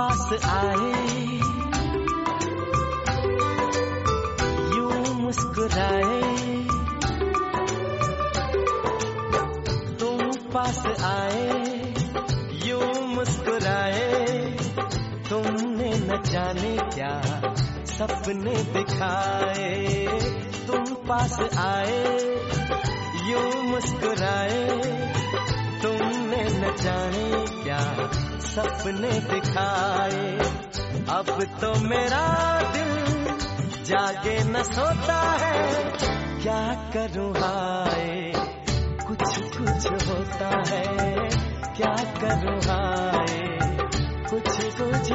पास आए यू मुस्कुराए तुम पास आए यू मुस्कुराए तुमने न जाने क्या सपने दिखाए तुम पास आए यू मुस्कुराए तुमने न जाने क्या सपने दिखाए अब तो मेरा दिल जागे न सोता है क्या करूँ हाय कुछ कुछ होता है क्या करूँ हाय कुछ कुछ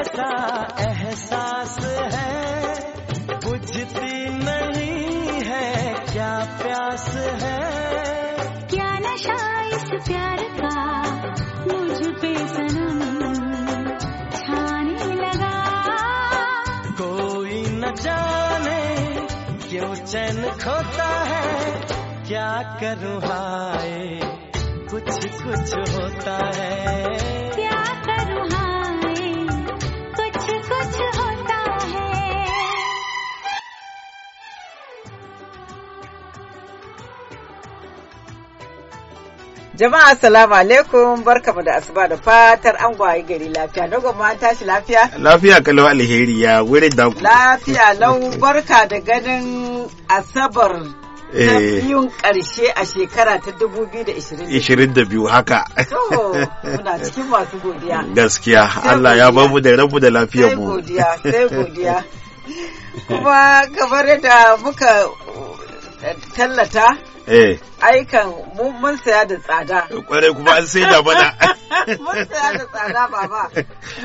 ऐसा एहसास है बुझती नहीं है क्या प्यास है क्या नशा इस प्यार का मुझ पे सनम छाने लगा कोई न जाने क्यों चैन खोता है क्या करूँ हाय कुछ कुछ होता है Jama'a assalamu alaikum barkamu da asuba da fatar an gwaye gari lafiya na gwamma an tashi lafiya? Lafiya kalau alheri ya wuri da ku. Lafiya lau barka da ganin asabar na eh. biyun karshe a shekara ta 2022 haka. muna cikin masu godiya. Gaskiya Allah ya bamu da rabu da lafiyar mu. Sai godiya sai godiya. Kuma kamar da muka tallata Eh. aikan mun saya da tsada kwarai kuma an sai da mana mun saya da tsada baba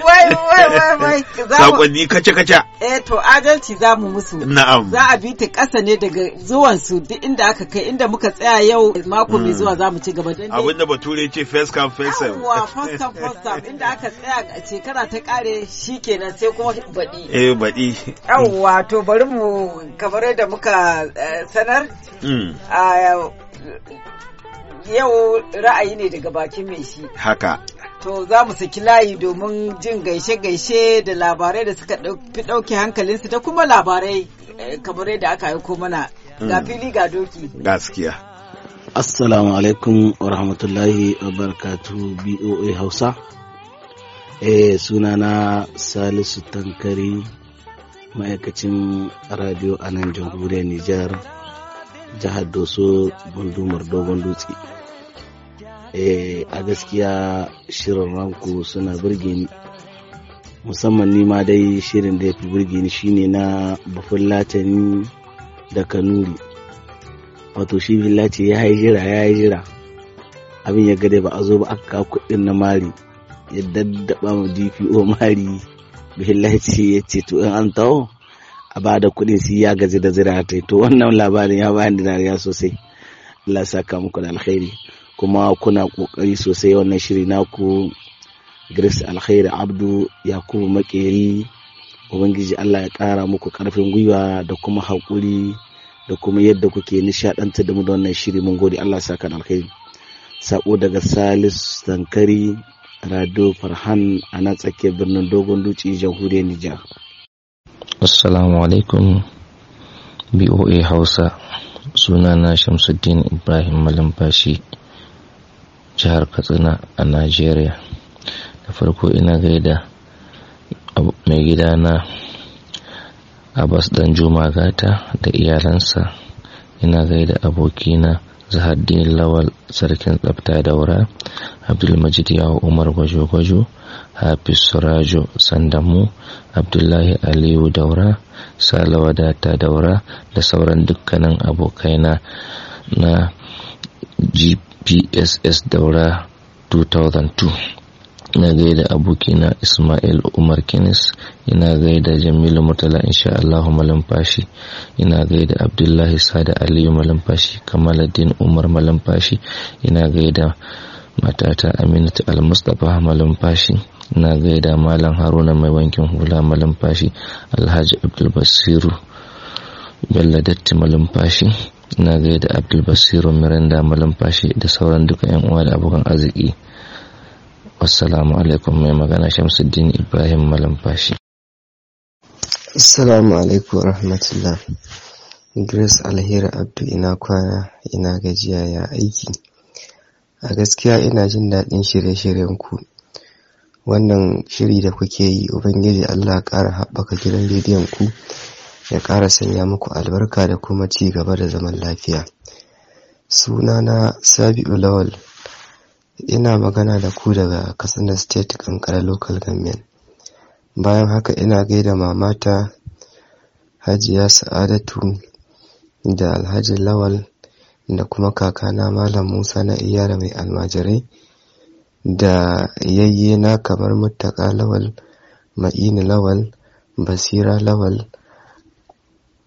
wai wai wai wai sakonni kace kace eh to adalci za mu musu na'am za a bi ta kasa ne daga zuwan su duk inda aka kai inda muka tsaya yau mako mai mm. zuwa za mu ci gaba dan da bature ce first come first serve wa first come first serve inda aka tsaya a shekara ta kare shikenan sai kuma baɗi eh baɗi yawwa to bari mu kamar da muka eh, sanar mm. a ah, yau ra'ayi ne daga bakin mai shi. Haka. To za mu saki layi domin jin gaishe-gaishe da labarai da suka fi ɗauke hankalinsu da kuma labarai eh, kamar yadda aka aiko mana hmm. ga fili ga doki. Gaskiya. Assalamu alaikum wa rahmatullahi wa barakatu BOA Hausa. Eh sunana Salisu Tankari ma'aikacin radio a nan jamhuriyar Nijar. jihar doso gundumar dogon dutse eh, a gaskiya shirin ranku suna birge musamman ni dai shirin da ya fi birge shine na bafin latani da kanuri wato shi billaci ya yi jira ya yi jira abin ya gade ba a zo ba aka kuɗin na mari ya daddaba ma dpo mari billaci ya ce to an tawo a ba da kuɗi su ya gaji da zira ta to wannan labarin ya bayan dinariya sosai Allah saka muku da alkhairi kuma kuna kokari sosai wannan shiri naku Grace Alkhairi Abdu Yakubu Makeri Ubangiji Allah ya kara muku ƙarfin gwiwa da kuma haƙuri da kuma yadda kuke nishaɗanta da mu da wannan shiri mun gode Allah saka da alkhairi sako daga Salis Tankari Rado Farhan a nan tsakiyar birnin Dogon Duci jamhuriyar Nijar Assalamu alaikum BOA Hausa sunana Shamsuddin Ibrahim Malambashi, jihar Katsina a Najeriya da farko ina gaida mai gidana Abbas dan Juma Gata da iyalansa ina gaida abokina Zahaddin Lawal sarkin tsafta daura Abdulmajid Yawo Umar Gwajo-Gwajo hafiz surajo sandamu abdullahi aliyu daura salawadata daura da sauran dukkanin abokaina na gpss daura 2002 na gaida abokina Ismail Umar Kinis, ina gaida Jamilu Murtala insha Allahu Malamfashi, ina gaida Abdullahi Sada Aliyu Malamfashi, Kamaladin Umar Malamfashi, ina gaida matata Aminatu Al-Mustapha Malamfashi. na gaida malam haruna mai wankin hula fashi alhaji abdulbasiru bello datti fashi. na gaida abdulbasiru miranda fashi da sauran duka yan uwa da abokan arziki wassalamu alaikum mai magana shamsuddin ibrahim fashi. assalamu alaikum rahmatullah grace alheri abdu ina kwana ina gajiya ya aiki a gaskiya ina jin daɗin shirye-shiryen ku wannan shiri da kuke yi ubangiji Allah ƙara haɓaka gidan rediyon ku ya ƙara sanya muku albarka da kuma ci gaba da zaman lafiya sunana sabi'u lawal ina magana da ku daga katsina state kankara local government bayan haka ina gaida mamata hajiya sa'adatu da alhaji lawal da kuma kakana malam musa na iyara mai almajirai da yayyena kamar mutaka Lawal, Ma'inu Lawal, Basira Lawal,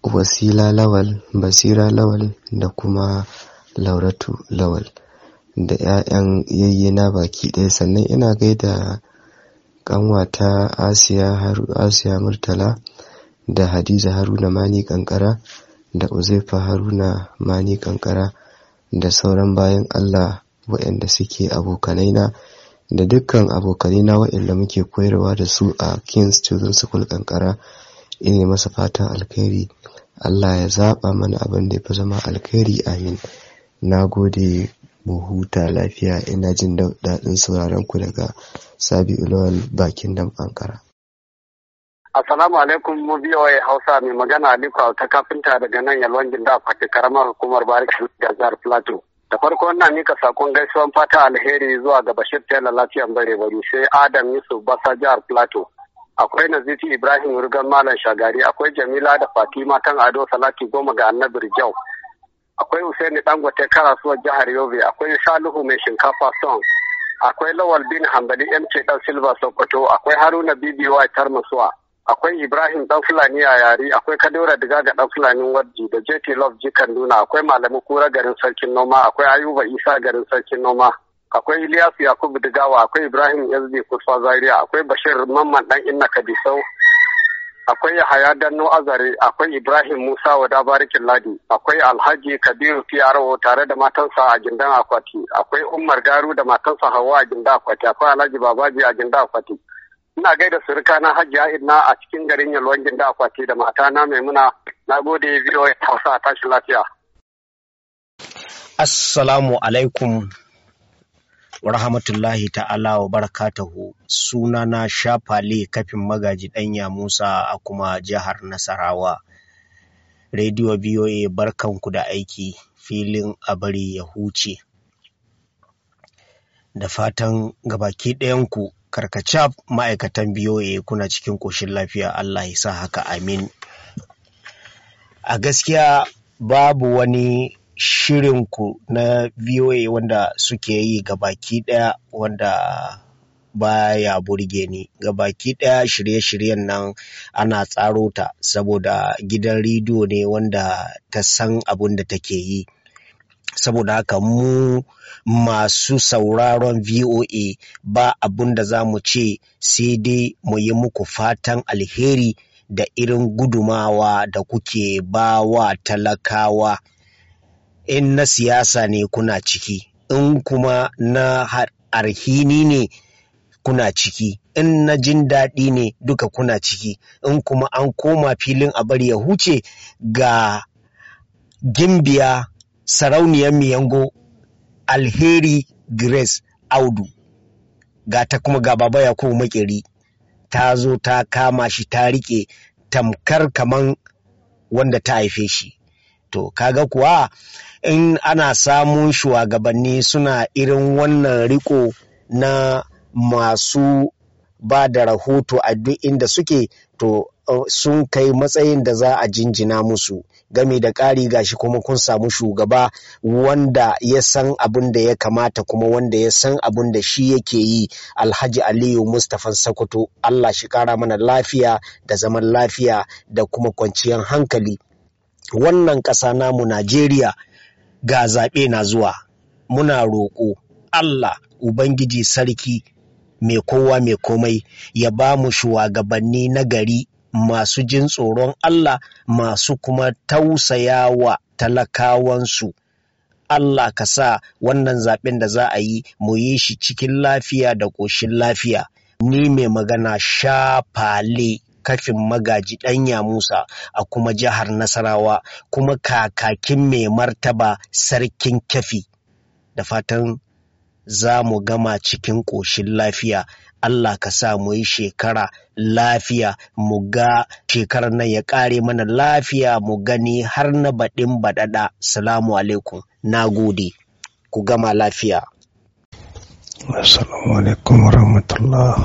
Wasila Lawal, Basira Lawal da kuma Lauratu Lawal da 'ya'yan yayyena baki ɗaya sannan ina gaida kanwata Asiya Asiya Murtala da Hadiza Haruna Mani Kankara da Uzaifa Haruna Mani Kankara da sauran bayan Allah waɗanda suke abokanaina da dukkan na wa'anda muke koyarwa da su a King's children School Kankara ina masa fatan alkhairi Allah ya zaba mana abin da ya fi zama alkhairi amin na gode mu huta lafiya ina jin daɗin sauraron ku daga Sabi Ulawal bakin dam Kankara Assalamu alaikum mu biyoyi Hausa mai magana Aliko ta kafinta daga nan Yalwan da a Fati karamar hukumar Barik da Jihar Plateau da farko na mika sakon gaisuwan fata alheri zuwa ga bashir tela lafiyan bare bari sai adam yusuf basa jihar plateau akwai naziti ibrahim rugan malam shagari akwai jamila da fatima tan ado salati goma ga annabi rijau akwai husaini dangote karasuwar jihar yobe akwai salihu mai shinkafa song akwai lawal bin hambali mc dan silva sokoto akwai haruna bibi tarmasuwa akwai ibrahim dan fulani a yari akwai kadora diga ga dan fulani warji da jt love ji kaduna akwai malamai kura garin sarkin noma akwai ayuba isa garin sarkin noma akwai ilyasu yakubu digawa akwai ibrahim sd kurfa zaria akwai bashir mamman dan inna kabisau akwai yahaya danno azare akwai ibrahim musa wada barikin ladi akwai alhaji kabiru pro tare da matansa a gindan akwati akwai umar garu da matansa hawa a gindan akwati akwai alhaji babaji a gindan akwati Ina gaida surika na hajiya ina a cikin garin Yalwan Ginda Akwati da mata na Maimuna. Na gode VOA Hausa a tashi lafiya. Assalamu alaikum wa rahmatullahi ta'ala wa barakatuhu sunana Shafale kafin magaji ɗanya Musa a kuma jihar Nasarawa. rediyo Radio BOA barkanku da aiki filin a bari ya huce. Da fatan gabaki ɗayanku karkacaf ma'aikatan BOA kuna cikin ƙoshin lafiya Allah ya sa haka amin. A gaskiya babu wani shirinku na BOA wanda suke yi baki ɗaya wanda baya burge ni baki ɗaya shirye-shiryen nan ana tsaro ta saboda gidan rediyo ne wanda ta san abin da take yi. saboda haka mu masu sauraron VOA ba abun da za mu ce sai dai mu yi muku fatan alheri da irin gudumawa da kuke ba wa talakawa in na siyasa ne kuna ciki in kuma na arhini ne kuna ciki in na jin daɗi ne duka kuna ciki in kuma an koma filin a bari ya huce ga gimbiya sarauniyar miyango alheri grace audu ga ta kuma ga baba yakubu makeri ta zo ta kama shi ta rike tamkar kaman wanda ta haife shi to kaga kuwa in ana samun shugabanni suna irin wannan riko na masu ba da rahoto a duk inda suke to eh, sun kai matsayin da za a jinjina musu gami da ƙari gashi kuma kun samu shugaba wanda ya san abin da ya kamata kuma wanda ya san abin da shi yake yi alhaji aliyu mustapha sakoto allah shi kara mana lafiya da zaman lafiya da kuma kwanciyar hankali wannan ƙasa namu najeriya ga zaɓe na zuwa muna roƙo allah ubangiji sarki mai kowa mai komai ya ba mu shugabanni na gari masu jin tsoron Allah masu kuma tausaya wa talakawansu. Allah ka sa wannan zaɓen da za a yi mu yi shi cikin lafiya da ƙoshin lafiya. Ni mai magana shafale kafin magaji ɗanya Musa a kuma jihar Nasarawa kuma kakakin mai martaba sarkin kafi. Da fatan za mu gama cikin ƙoshin lafiya. Allah ka sa mu yi shekara lafiya mu ga shekarar nan ya kare mana lafiya mu gani har na baɗin baɗaɗa salamu alaikum na gode ku gama lafiya assalamu alaikum rahmatullah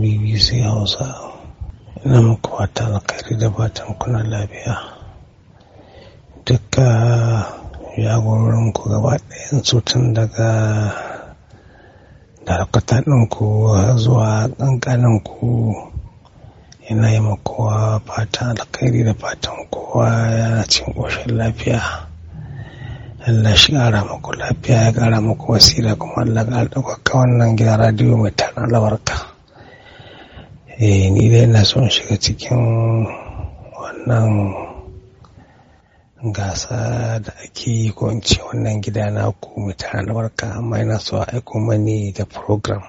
bbc hausa ina muku wata alkhairi da batan kuna lafiya duka jagororin ku gaba ɗayan tun daga dakatan ɗin ku zuwa ƙanƙanin ku yana yi kowa fatan alkhairi da fatan kowa yana cin ƙoshin lafiya Allah shi ƙara muku lafiya ya ƙara muku wasira kuma Allah ɗaukaka wannan gida radiyo mai tara albarka eh ni dai na son shiga cikin wannan gasa da ake yi ko in wannan gida na ku mai tara albarka amma yana so a aiko mani da program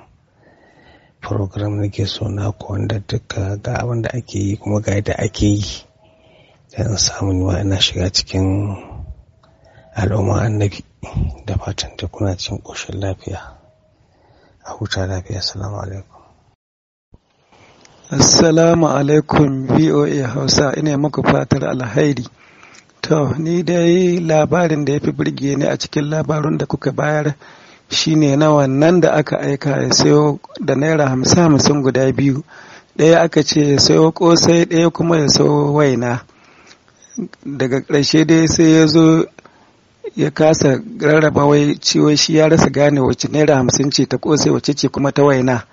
program na ke so na ku wanda duka ga abin da ake yi kuma ga yadda ake yi dan samu ni ina shiga cikin al'umma annabi da fatan da kuna cikin koshin lafiya a huta lafiya assalamu alaikum Assalamu alaikum VOA Hausa ina muku fatar alhairi. To, ni dai labarin da ya fi birge ni a cikin labarun da kuka bayar shine na wannan da aka aika ya sayo da naira hamsin hamsin guda biyu. Ɗaya aka ce ya sayo ƙosai ɗaya kuma ya sayo waina. Daga ƙarshe dai sai ya zo ya kasa rarraba wai ciwo shi ya rasa gane wacce naira hamsin ce ta ƙosai wacce ce kuma ta waina.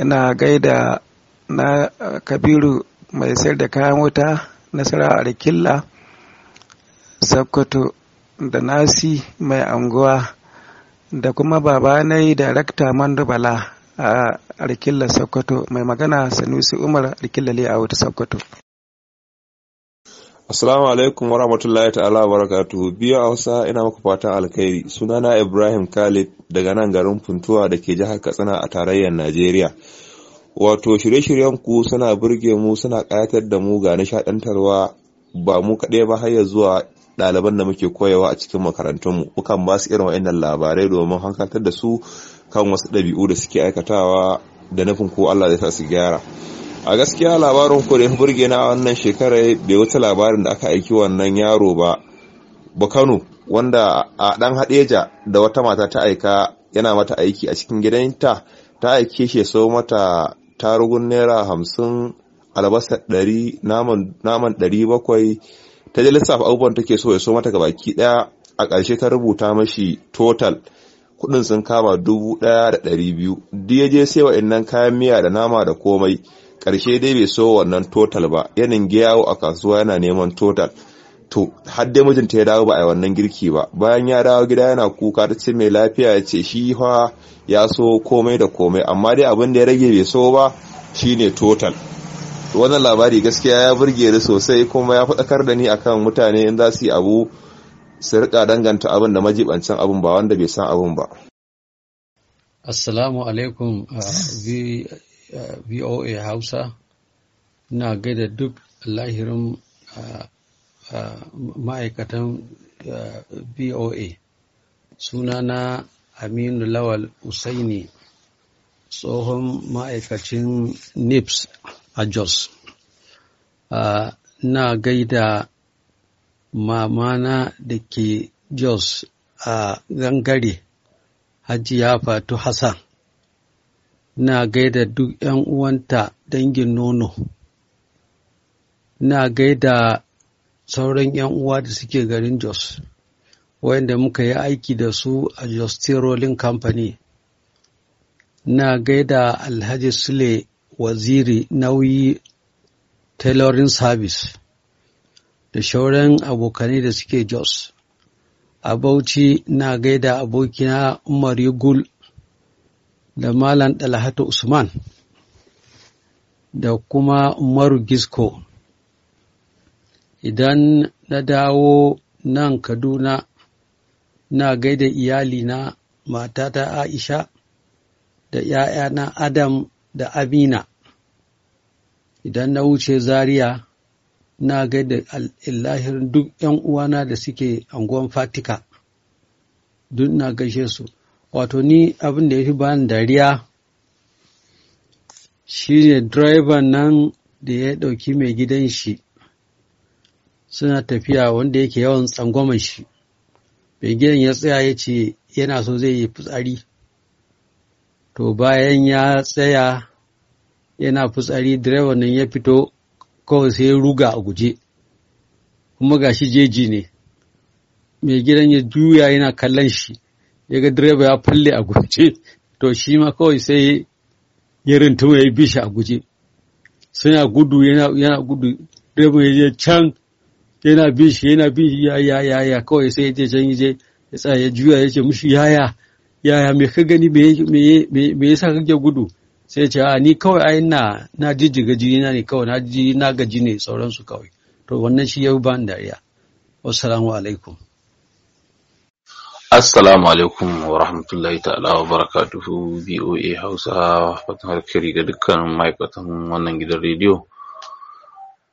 Ina gaida na Kabiru mai sayar da kayan wuta. nasara rikilla sakkwato da nasi mai anguwa da kuma babanai darakta mandubala a rikilla sakkwato mai magana sanusi umar a wata sakkwato Assalamu alaikum wa rahmatullahi ta'ala wa barakatuhu. Biyu Hausa ina maka fatan alkhairi. Sunana Ibrahim Khalid daga nan garin Funtuwa da ke jihar Katsina a tarayyar Najeriya. wato shirye-shiryen ku suna burge mu suna ƙayatar da mu ga nishaɗantarwa ba mu kaɗai ba har zuwa ɗaliban da muke koyawa a cikin makarantunmu kukan ba su irin wa'annan labarai domin hankaltar da su kan wasu ɗabi'u da suke aikatawa da nufin ko Allah zai sa su gyara a gaskiya labarin ku da burge na wannan shekarar bai wuce labarin da aka aiki wannan yaro ba Kano wanda a dan hadeja da wata mata ta aika yana mata aiki a cikin gidanta ta aike shi ya mata tarugun naira hamsin albasa ɗari naman ɗari bakwai ta je lissaf abubuwan take so ya so mata baki ɗaya a ƙarshe ta rubuta mashi total kuɗin sun kama dubu ɗaya da ɗari biyu duk ya je sai kayan miya da nama da komai ƙarshe dai bai so wannan total ba yanin giyawo a kasuwa yana neman total to har dai mijinta ya dawo ba a yi wannan girki ba bayan ya dawo gida yana kuka ta ce mai lafiya ya ce shi fa ya so komai da komai amma dai abin da ya rage bai so ba shine total wannan labari gaskiya ya burge ni sosai kuma ya faɗakar da ni akan mutane in za su yi abu su rika danganta abin da majibancin abin ba wanda bai san abin ba assalamu alaikum uh, voa uh, hausa na gaida duk lahirin uh, ma'aikatan boa sunana aminu lawal usaini tsohon ma'aikacin nips a jos na gaida mamana da ke jos a gangare hajiya fatu hassan na gaida duk 'yan uwanta dangin nono na gaida sauran 'yan uwa da suke garin Jos, wayanda muka yi aiki da su a Jos Rolling Company. Na gaida Alhaji Sule Waziri nauyi Tailoring Service da shauran abokanai da suke Jos. A Bauchi na gaida abokina Umar Yugul da Malam Dalhatu Usman da kuma Umaru Gisko. idan na dawo nan kaduna na gaida iyalina matata aisha da ‘ya'yana adam da amina idan na wuce zaria na gaida illahirin duk ‘yan uwana da suke anguwan fatika duk na gaishe su wato ni abin da ya fi bani dariya shi ne direban nan da ya ɗauki mai gidan shi suna tafiya wanda yake yawan tsangwamar shi begiyan ya tsaya ya ce yana so zai yi fitsari to bayan ya tsaya yana fitsari direban nan ya fito kawai sai ya ruga a guje kuma ga shi jeji ne mai gidan ya juya yana kallon shi ya ga direba ya falle a guje to shi ma kawai sai ya rintuma ya bi shi a guje suna gudu yana gudu direba ya je can yana bin shi yana bin shi yaya yaya kawai sai je can je ya tsaya ya juya ya ce mushi yaya yaya ya me ka gani me ya sa kake gudu sai ce a ni kawai ai na na jijjiga jini na ne kawai na ji na gaji ne sauransu kawai to wannan shi ya ba ni dariya assalamu alaikum Assalamu alaikum wa rahmatullahi ta'ala wa barakatuhu BOA Hausa fatan harkari ga dukkanin ma'aikatan wannan gidan rediyo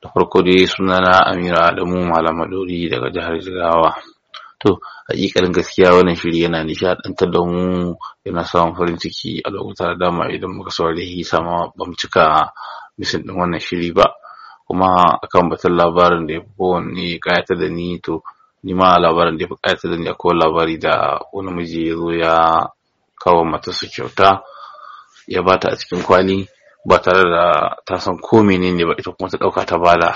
da farko dai sunana Amira Adamu Malam Dori daga jihar Jigawa. To, hakikalin gaskiya wannan shiri yana nishadantar da mu yana samun farin ciki a lokuta da dama idan muka saurari ma bamu cika misin din wannan shiri ba. Kuma akan batun labarin da ya fi kowanne da ni to ni ma labarin da ya fi kayatar da ni akwai labari da wani miji ya zo ya kawo matarsa kyauta ya bata a cikin kwali ba tare da ta san ko menene ba ita kuma ta ɗauka ta bada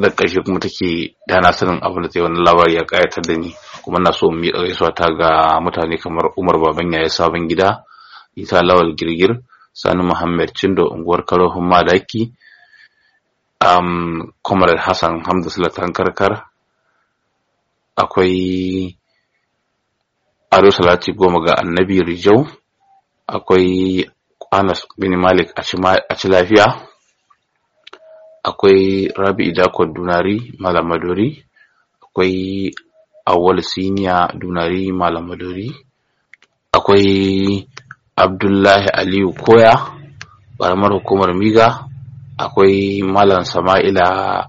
da ƙarshe kuma take da na sanin abin da zai wani labari ya ƙayatar da ni kuma na so mu gaisuwa ta ga mutane kamar Umar Baban Yaya Sabon Gida Ita Lawal Girgir Sani Muhammad Cindo unguwar Karohun Madaki um, Comrade Hassan Hamza Sulatan Karkar akwai Ado Salati Goma ga Annabi Rijau akwai Anas bin Malik a ci lafiya akwai Rabi Idako Dunari Malam Maduri akwai Awal Siniya Dunari Malam Maduri akwai Abdullahi Aliyu Koya ƙaramar Hukumar Miga akwai Malam Sama'ila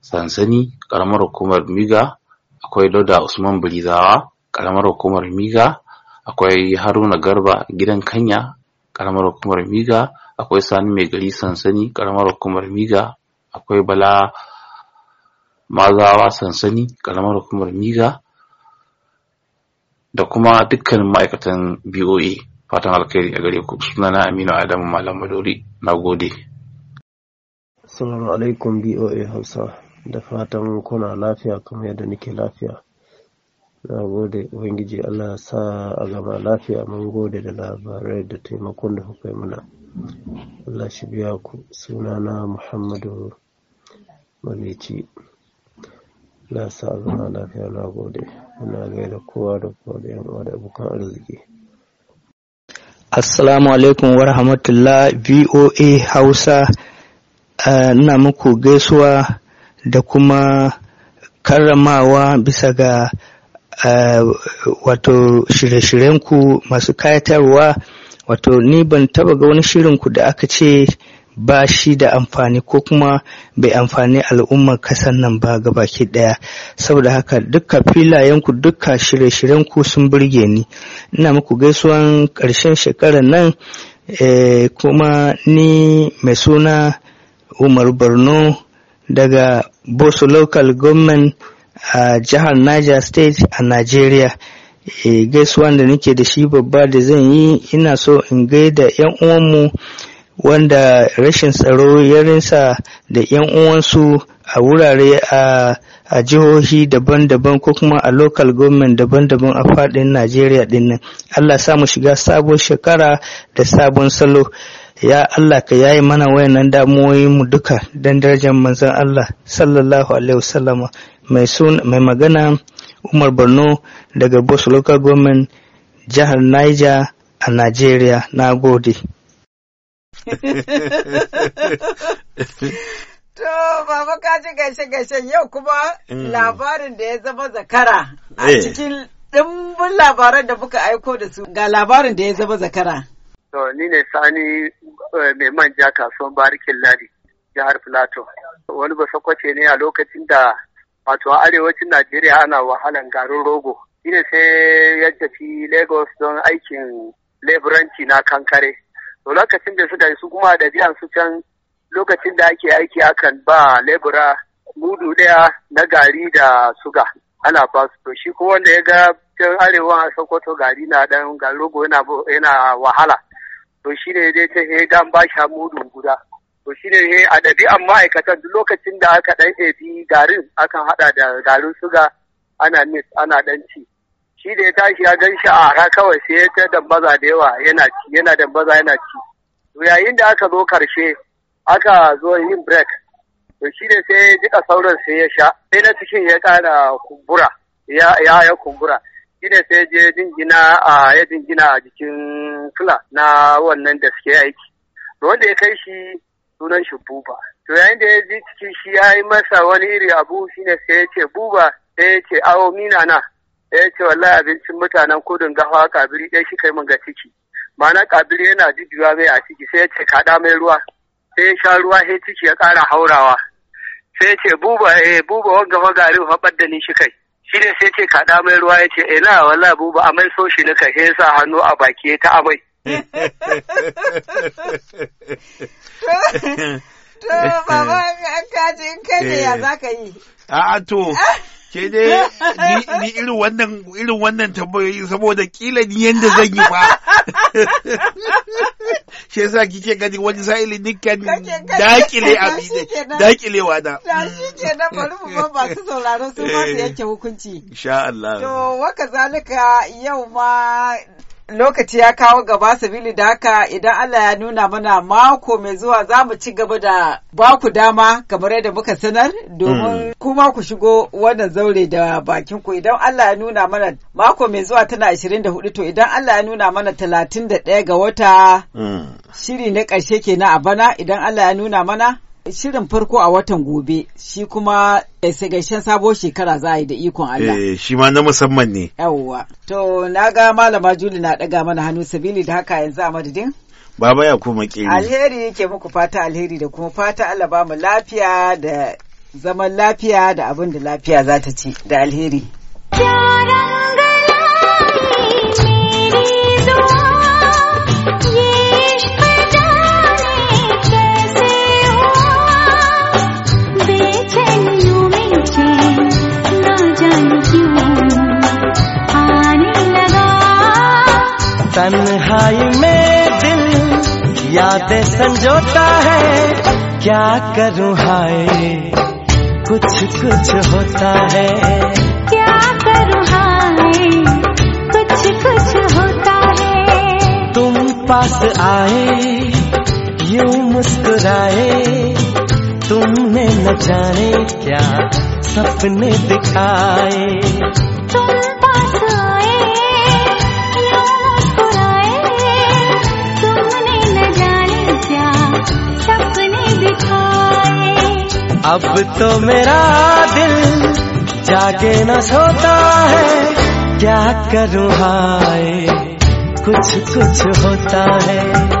Sansani ƙaramar Hukumar Miga akwai Dauda Usman Bulizawa ƙaramar Hukumar Miga akwai Haruna Garba Gidan Kanya karamar hukumar miga akwai sani mai gari sansani karamar hukumar miga akwai bala mazawa sansani karamar hukumar miga da kuma dukkan ma'aikatan BOA fatan alkhairi a gare ku na Aminu Adamu Malam Madori na gode. Assalamu alaikum BOA Hausa da fatan kuna lafiya kamar yadda nake lafiya. na gode ubangiji allah sa a gaba lafiya mun gode da labarai da taimakon da kuka mana allah shi biya ku sunana muhammadu malici na sa a gaba lafiya na gode muna gaida kowa da kowa da yan uwa da abokan arziki assalamu alaikum wa rahmatullah voa hausa eh, ina muku gaisuwa da kuma karramawa bisa ga Eh, wato shirye-shiryenku masu kayatarwa wato ni ban taba ga wani shirinku da aka ce ba shi da amfani ko kuma bai amfani al'ummar kasar nan ba ga baki daya saboda haka dukka filayenku dukka shirye-shiryenku sun burge ni ina muku gaisuwan karshen shekarar nan e, kuma ni mai suna umar borno daga boso local government a jihar Niger State a Najeriya. E, gaisuwan da nake da shi babba da zan yi ina so in gaida 'yan uwanmu wanda rashin tsaro ya rinsa da 'yan uwansu a wurare a jihohi daban-daban ko kuma a local government daban-daban a faɗin Najeriya dinnan. Allah sa mu shiga sabon shekara da sabon salo. Ya Allah ka yayi mana wayannan mu duka don darajar manzon Allah sallallahu alaihi wasallama. mai sun mai magana umar borno daga bos local government jihar niger a Najeriya na gode To, baba ka ji gaishe-gaishen yau kuma mm. labarin da ya zama zakara a eh. cikin ɗimbin labaran da muka aiko da su ga labarin da ya zama zakara. To, ni ne sani eh, mai manja kasuwan barikin ladi jihar Filato. Wani basakwace ne a lokacin da wato a arewacin najeriya ana wahalan garin rogo shine sai ya tafi lagos don aikin leburanci na kankare to lokacin da suka su kuma da biyan su can lokacin da ake aiki akan ba lebura mudu daya na gari da suga ana ba su to shi ko wanda ya ga can arewa a sokoto gari na dan rogo yana wahala to shi ne dai ta he gan ba sha mudu guda to shi ne a ɗabi'an ma'aikatan duk lokacin da aka ɗan ebi garin akan haɗa da garin suga ana mix ana ɗan ci shi da ya tashi ya gan shi a haka kawai sai ya ta dambaza da yawa yana ci yana dambaza yana ci to yayin da aka zo karshe aka zo yin break to shi ne sai duka sauran sai ya sha sai na cikin ya ƙara kumbura ya ya kumbura shi ne sai je jingina a ya jingina a jikin kula na wannan da suke aiki wanda ya kai shi sunan shi buba to yayin da ya ji ciki shi ya yi masa wani iri abu shine sai ya ce buba sai ya ce awo mina na sai ya ce wallahi abincin mutanen kudin gawa kabiri ɗaya shi kai mun ga ciki ma'ana kabiri yana jujjuwa mai a ciki sai ya ce kaɗa mai ruwa sai ya sha ruwa sai ciki ya ƙara haurawa sai ya ce buba eh buba wanga fa garin faɓar da ni shi kai shi ne sai ce kaɗa mai ruwa ya ce ina eh, wallahi buba amai so shi nika sai ya sa hannu a baki ya ta amai To, baba, ka je kai ne ya zaka yi? A'a to, ke dai ni irin wannan irin wannan tambayoyi saboda kila ni yanda zan yi ba. Shi yasa kike gani wani sa'ili nikan dakile abi dakilewa da. Da shi ke na bari mu ban su sauraro su ma su eh. yanke hukunci. Insha Allah. To, waka zalika yau ma lokaci ya kawo gaba sabili da haka idan Allah ya nuna mana mako mai zuwa za mu ci gaba da baku dama kamar yadda muka sanar domin hmm. kuma ku shigo wannan zaure da bakin ku idan Allah ya nuna mana mako mai zuwa tana 24 to idan Allah ya nuna mana 31 ga wata hmm. shiri na ƙarshe kenan a bana idan Allah ya nuna mana shirin farko a watan gobe shi kuma eh, gaishen sabo shekara za a yi da ikon Allah. Eh shi ma na musamman ne. Yawwa. To na ga malama Juli na ɗaga mana hannu sabili da haka yanzu a madadin. Baba ya kuma ƙeri. Alheri yake muku fata alheri da kuma fata Allah ba mu lafiya da zaman lafiya da abin da lafiya za ta ci da alheri. Yeah! तन्हाई में दिल यादें संजोता है क्या करूं हाय कुछ कुछ होता है क्या करूं हाय कुछ कुछ होता है तुम पास आए यूं मुस्कुराए तुमने न जाने क्या सपने दिखाए दिखाए अब तो मेरा दिल जागे न सोता है क्या करूँ हाय कुछ कुछ होता है